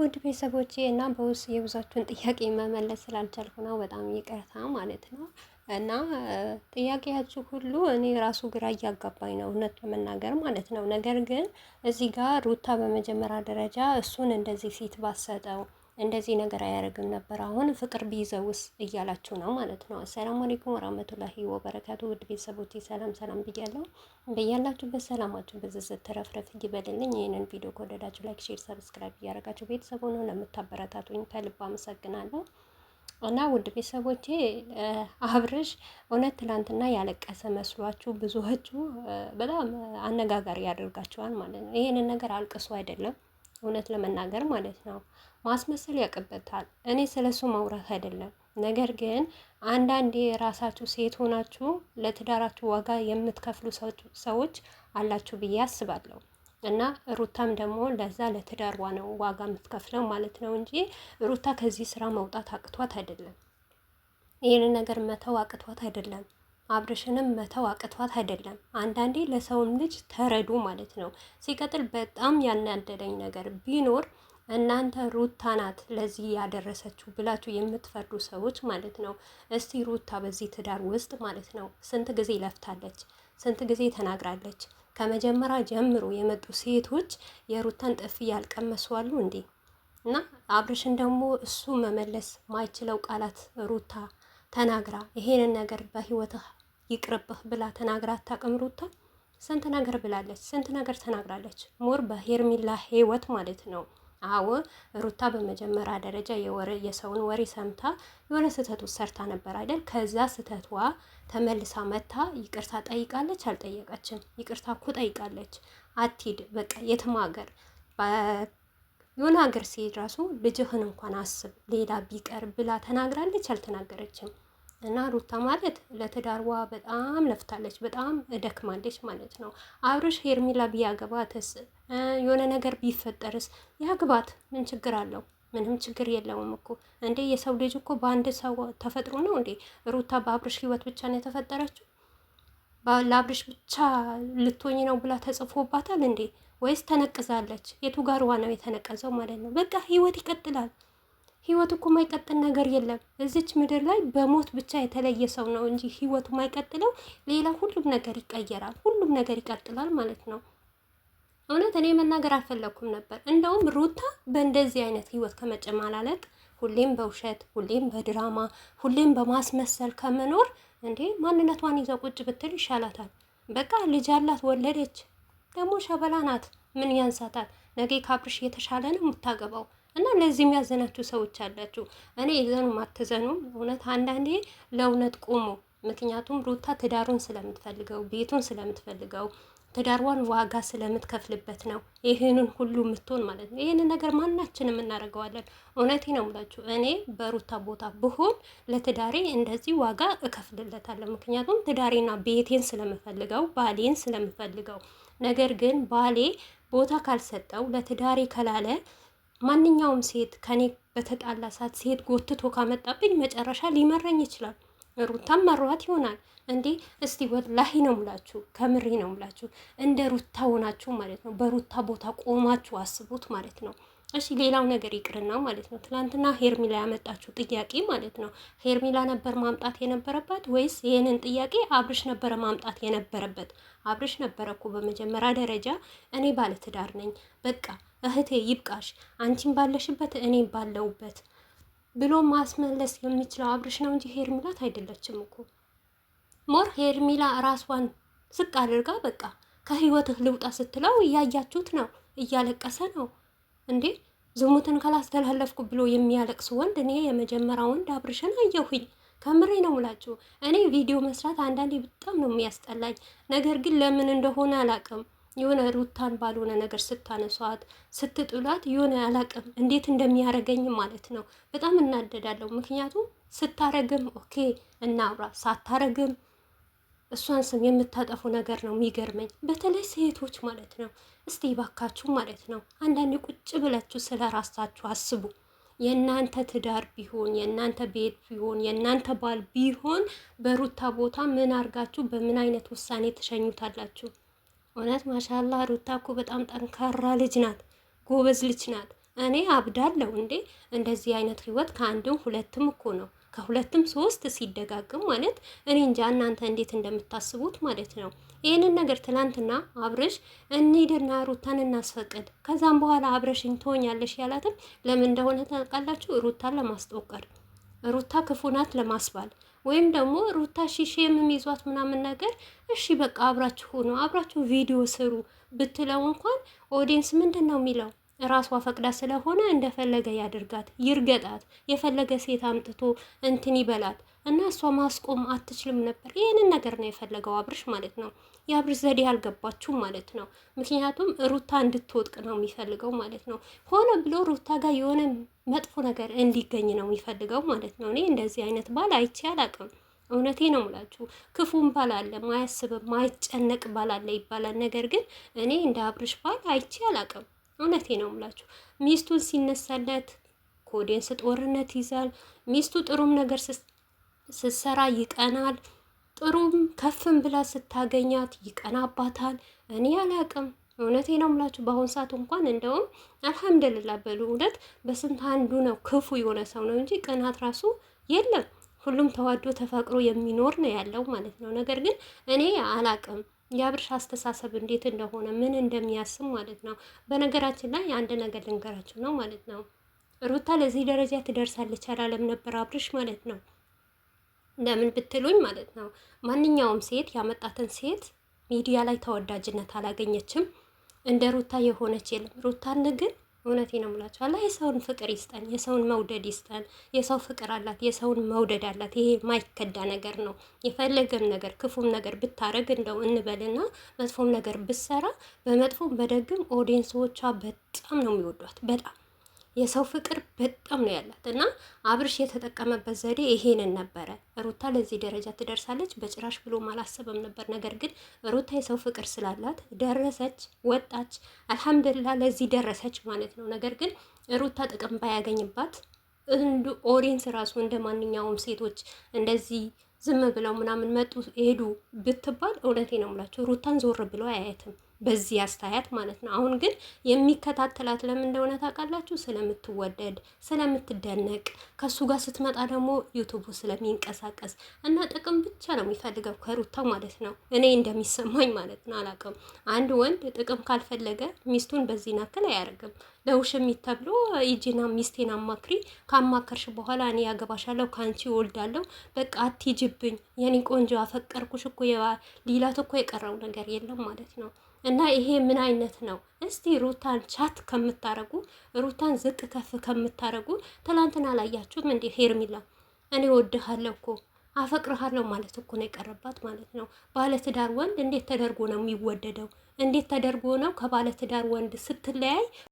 ውድ ቤተሰቦቼ እና በውስጥ የብዛችሁን ጥያቄ መመለስ ስላልቻልኩ ነው፣ በጣም ይቅርታ ማለት ነው። እና ጥያቄያችሁ ሁሉ እኔ ራሱ ግራ እያጋባኝ ነው እውነት ለመናገር ማለት ነው። ነገር ግን እዚህ ጋር ሩታ በመጀመሪያ ደረጃ እሱን እንደዚህ ፊት ባሰጠው እንደዚህ ነገር አያደርግም ነበር። አሁን ፍቅር ቢይዘውስ እያላችሁ ነው ማለት ነው። አሰላሙ አለይኩም ወራህመቱላሂ ወበረካቱ። ውድ ቤተሰቦቼ ሰላም ሰላም ብያለሁ። በያላችሁበት ሰላማችሁ ብዝዝት ተረፍረፍ ይበልልኝ። ይህንን ቪዲዮ ከወደዳችሁ ላይክ፣ ሼር፣ ሰብስክራይብ እያደረጋችሁ ነው ለምታበረታቱኝ ከልብ አመሰግናለሁ። እና ውድ ቤተሰቦቼ አብርሽ እውነት ትላንትና ያለቀሰ መስሏችሁ ብዙዎቹ በጣም አነጋጋሪ ያደርጋቸዋል ማለት ነው። ይህንን ነገር አልቅሱ አይደለም እውነት ለመናገር ማለት ነው ማስመሰል ያቅበታል። እኔ ስለሱ ማውራት አይደለም። ነገር ግን አንዳንዴ የራሳችሁ ሴት ሆናችሁ ለትዳራችሁ ዋጋ የምትከፍሉ ሰዎች አላችሁ ብዬ አስባለሁ። እና ሩታም ደግሞ ለዛ ለትዳርዋ ነው ዋጋ የምትከፍለው ማለት ነው እንጂ ሩታ ከዚህ ስራ መውጣት አቅቷት አይደለም። ይህን ነገር መተው አቅቷት አይደለም። አብርሽንም መተው አቅቷት አይደለም። አንዳንዴ ለሰውም ልጅ ተረዱ ማለት ነው። ሲቀጥል በጣም ያናደደኝ ነገር ቢኖር እናንተ ሩታ ናት ለዚህ ያደረሰችው ብላችሁ የምትፈርዱ ሰዎች ማለት ነው። እስቲ ሩታ በዚህ ትዳር ውስጥ ማለት ነው ስንት ጊዜ ለፍታለች፣ ስንት ጊዜ ተናግራለች። ከመጀመሪያ ጀምሮ የመጡ ሴቶች የሩታን ጥፊ ያልቀመሱ አሉ እንዴ? እና አብርሽን ደግሞ እሱ መመለስ ማይችለው ቃላት ሩታ ተናግራ ይሄንን ነገር በህይወትህ ይቅርብህ ብላ ተናግራ አታውቅም ሩታ ስንት ነገር ብላለች፣ ስንት ነገር ተናግራለች። ሞር በሄርሚላ ህይወት ማለት ነው አዎ ሩታ በመጀመሪያ ደረጃ የወረ የሰውን ወሬ ሰምታ የሆነ ስህተት ውስጥ ሰርታ ነበር አይደል? ከዛ ስህተቷ ተመልሳ መታ ይቅርታ ጠይቃለች። አልጠየቀችም? ይቅርታ እኮ ጠይቃለች። አትሂድ በቃ የትም ሀገር የሆነ ሀገር ሲሄድ ራሱ ልጅህን እንኳን አስብ ሌላ ቢቀር ብላ ተናግራለች። አልተናገረችም? እና ሩታ ማለት ለትዳርዋ በጣም ለፍታለች፣ በጣም ደክማለች ማለት ነው። አብርሽ ሄርሜላ ቢያገባትስ የሆነ ነገር ቢፈጠርስ? ያግባት፣ ምን ችግር አለው? ምንም ችግር የለውም እኮ እንዴ! የሰው ልጅ እኮ በአንድ ሰው ተፈጥሮ ነው እንዴ? ሩታ በአብርሽ ህይወት ብቻ ነው የተፈጠረችው? ለአብርሽ ብቻ ልትሆኝ ነው ብላ ተጽፎባታል እንዴ? ወይስ ተነቅዛለች? የቱ ጋርዋ ነው የተነቀዘው ማለት ነው? በቃ ህይወት ይቀጥላል። ህይወት እኮ ማይቀጥል ነገር የለም። እዚች ምድር ላይ በሞት ብቻ የተለየ ሰው ነው እንጂ ህይወቱ ማይቀጥለው ሌላ ሁሉም ነገር ይቀየራል፣ ሁሉም ነገር ይቀጥላል ማለት ነው። እውነት እኔ መናገር አልፈለግኩም ነበር። እንደውም ሩታ በእንደዚህ አይነት ህይወት ከመጨማላለቅ ሁሌም በውሸት ሁሌም በድራማ ሁሌም በማስመሰል ከመኖር እንዴ ማንነቷን ይዛ ቁጭ ብትል ይሻላታል። በቃ ልጅ አላት፣ ወለደች፣ ደግሞ ሸበላ ናት። ምን ያንሳታል? ነገ ካብርሽ እየተሻለ ነው የምታገባው። እና ለዚህ የሚያዘናችሁ ሰዎች አላችሁ። እኔ ይዘኑ ማትዘኑ እውነት አንዳንዴ ለእውነት ቁሙ። ምክንያቱም ሩታ ትዳሩን ስለምትፈልገው ቤቱን ስለምትፈልገው ትዳርዋን ዋጋ ስለምትከፍልበት ነው። ይህንን ሁሉ የምትሆን ማለት ነው። ይህንን ነገር ማናችንም እናደርገዋለን። እውነቴ ነው የምላችሁ። እኔ በሩታ ቦታ ብሆን ለትዳሬ እንደዚህ ዋጋ እከፍልለታለሁ። ምክንያቱም ትዳሬና ቤቴን ስለምፈልገው፣ ባሌን ስለምፈልገው። ነገር ግን ባሌ ቦታ ካልሰጠው ለትዳሬ ከላለ ማንኛውም ሴት ከኔ በተጣላ ሰዓት ሴት ጎትቶ ካመጣብኝ መጨረሻ ሊመረኝ ይችላል። ሩታም መሯት ይሆናል እንዴ? እስቲ ወላሂ ነው ምላችሁ፣ ከምሬ ነው ምላችሁ። እንደ ሩታ ሆናችሁ ማለት ነው። በሩታ ቦታ ቆማችሁ አስቡት ማለት ነው። እሺ ሌላው ነገር ይቅርና ማለት ነው ትናንትና ሄርሚላ ያመጣችሁ ጥያቄ ማለት ነው ሄርሚላ ነበር ማምጣት የነበረበት ወይስ ይህንን ጥያቄ አብርሽ ነበረ ማምጣት የነበረበት? አብርሽ ነበረ እኮ በመጀመሪያ ደረጃ እኔ ባለትዳር ነኝ በቃ እህቴ ይብቃሽ፣ አንቺም ባለሽበት እኔም ባለውበት ብሎ ማስመለስ የሚችለው አብርሽ ነው እንጂ ሄርሚላት አይደለችም እኮ። ሞር ሄርሚላ ራሷን ዝቅ አድርጋ በቃ ከህይወትህ ልውጣ ስትለው እያያችሁት ነው፣ እያለቀሰ ነው እንዴ። ዝሙትን ካላስተላለፍኩ ብሎ የሚያለቅስ ወንድ እኔ የመጀመሪያ ወንድ አብርሽን አየሁኝ። ከምሬ ነው ሙላችሁ። እኔ ቪዲዮ መስራት አንዳንዴ በጣም ነው የሚያስጠላኝ፣ ነገር ግን ለምን እንደሆነ አላውቅም የሆነ ሩታን ባልሆነ ነገር ስታነሷት ስትጥላት የሆነ አላቅም እንዴት እንደሚያደርገኝ ማለት ነው። በጣም እናደዳለሁ። ምክንያቱም ስታረግም ኦኬ እናውራ፣ ሳታረግም እሷን ስም የምታጠፉ ነገር ነው የሚገርመኝ። በተለይ ሴቶች ማለት ነው። እስቲ ባካችሁ ማለት ነው አንዳንድ ቁጭ ብላችሁ ስለ ራሳችሁ አስቡ። የእናንተ ትዳር ቢሆን የእናንተ ቤት ቢሆን የእናንተ ባል ቢሆን በሩታ ቦታ ምን አርጋችሁ በምን አይነት ውሳኔ ትሸኙታላችሁ? እውነት ማሻላ ሩታ እኮ በጣም ጠንካራ ልጅ ናት፣ ጎበዝ ልጅ ናት። እኔ አብዳለሁ እንዴ! እንደዚህ አይነት ህይወት ከአንድም ሁለትም እኮ ነው ከሁለትም ሶስት ሲደጋግም ማለት እኔ እንጃ እናንተ እንዴት እንደምታስቡት ማለት ነው። ይህንን ነገር ትናንትና አብረሽ እንሂድና ሩታን እናስፈቅድ፣ ከዛም በኋላ አብረሽኝ ትሆኛለሽ ያላትም ለምን እንደሆነ ታውቃላችሁ? ሩታን ለማስጠቀር ሩታ ክፉ ናት ለማስባል ወይም ደግሞ ሩታ ሺሽ የሚይዟት ምናምን ነገር እሺ በቃ አብራችሁ ሆኖ አብራችሁ ቪዲዮ ስሩ ብትለው እንኳን ኦዲየንስ ምንድን ነው የሚለው? ራሷ ፈቅዳ ስለሆነ እንደፈለገ ያድርጋት፣ ይርገጣት፣ የፈለገ ሴት አምጥቶ እንትን ይበላት። እና እሷ ማስቆም አትችልም ነበር። ይህንን ነገር ነው የፈለገው አብርሽ ማለት ነው። የአብርሽ ዘዴ አልገባችሁም ማለት ነው። ምክንያቱም ሩታ እንድትወጥቅ ነው የሚፈልገው ማለት ነው። ሆነ ብሎ ሩታ ጋር የሆነ መጥፎ ነገር እንዲገኝ ነው የሚፈልገው ማለት ነው። እኔ እንደዚህ አይነት ባል አይቼ አላቅም። እውነቴ ነው ሙላችሁ። ክፉም ባል አለ፣ ማያስብም ማይጨነቅ ባል አለ ይባላል። ነገር ግን እኔ እንደ አብርሽ ባል አይቼ አላቅም። እውነቴ ነው ሙላችሁ። ሚስቱን ሲነሳለት ኮዴንስ ጦርነት ይዛል። ሚስቱ ጥሩም ነገር ስትሰራ ይቀናል። ጥሩም ከፍም ብላ ስታገኛት ይቀናባታል። እኔ አላቅም። እውነቴ ነው የምላችሁ በአሁን ሰዓት እንኳን እንደውም አልሐምድልላ በሉ እውነት በስንት አንዱ ነው ክፉ የሆነ ሰው ነው እንጂ ቅናት ራሱ የለም። ሁሉም ተዋዶ ተፈቅሮ የሚኖር ነው ያለው ማለት ነው። ነገር ግን እኔ አላቅም የአብርሽ አስተሳሰብ እንዴት እንደሆነ ምን እንደሚያስብ ማለት ነው። በነገራችን ላይ አንድ ነገር ልንገራችሁ ነው ማለት ነው። ሩታ ለዚህ ደረጃ ትደርሳለች አላለም ነበር አብርሽ ማለት ነው። ለምን ብትሉኝ ማለት ነው ማንኛውም ሴት ያመጣትን ሴት ሚዲያ ላይ ተወዳጅነት አላገኘችም። እንደ ሩታ የሆነች የለም። ሩታን ግን እውነቴ ነው የምላቸው አላ የሰውን ፍቅር ይስጠን፣ የሰውን መውደድ ይስጠን። የሰው ፍቅር አላት፣ የሰውን መውደድ አላት። ይሄ የማይከዳ ነገር ነው። የፈለገም ነገር ክፉም ነገር ብታረግ እንደው እንበልና መጥፎም ነገር ብሰራ በመጥፎም በደግም ኦዲየንሶቿ በጣም ነው የሚወዷት በጣም የሰው ፍቅር በጣም ነው ያላት እና አብርሽ የተጠቀመበት ዘዴ ይሄንን ነበረ። ሩታ ለዚህ ደረጃ ትደርሳለች በጭራሽ ብሎ አላሰበም ነበር። ነገር ግን ሩታ የሰው ፍቅር ስላላት ደረሰች፣ ወጣች። አልሐምድላ ለዚህ ደረሰች ማለት ነው። ነገር ግን ሩታ ጥቅም ባያገኝባት እንዱ ኦዲየንስ ራሱ እንደ ማንኛውም ሴቶች እንደዚህ ዝም ብለው ምናምን መጡ ሄዱ ብትባል እውነቴ ነው የምላቸው ሩታን ዞር ብለው አያየትም። በዚህ አስተያየት ማለት ነው። አሁን ግን የሚከታተላት ለምን እንደሆነ ታውቃላችሁ? ስለምትወደድ፣ ስለምትደነቅ ከሱ ጋር ስትመጣ ደግሞ ዩቱቡ ስለሚንቀሳቀስ እና ጥቅም ብቻ ነው የሚፈልገው ከሩታ ማለት ነው። እኔ እንደሚሰማኝ ማለት ነው። አላውቅም። አንድ ወንድ ጥቅም ካልፈለገ ሚስቱን በዚህ ናክል አያደርግም። ለውሽሚት ተብሎ ይጂና ሚስቴን አማክሪ፣ ካማከርሽ በኋላ እኔ ያገባሻለሁ፣ ከአንቺ ወልዳለሁ፣ በቃ አትጅብኝ፣ የኔ ቆንጆ አፈቀርኩሽ እኮ ሌላት እኮ የቀረው ነገር የለም ማለት ነው። እና ይሄ ምን አይነት ነው? እስቲ ሩታን ቻት ከምታረጉ ሩታን ዝቅ ከፍ ከምታረጉ ትላንትና አላያችሁም እንዴ? ሄርሚላ እኔ ወድሃለሁ እኮ አፈቅርሃለሁ ማለት እኮ ነው የቀረባት ማለት ነው። ባለትዳር ወንድ እንዴት ተደርጎ ነው የሚወደደው? እንዴት ተደርጎ ነው ከባለትዳር ወንድ ስትለያይ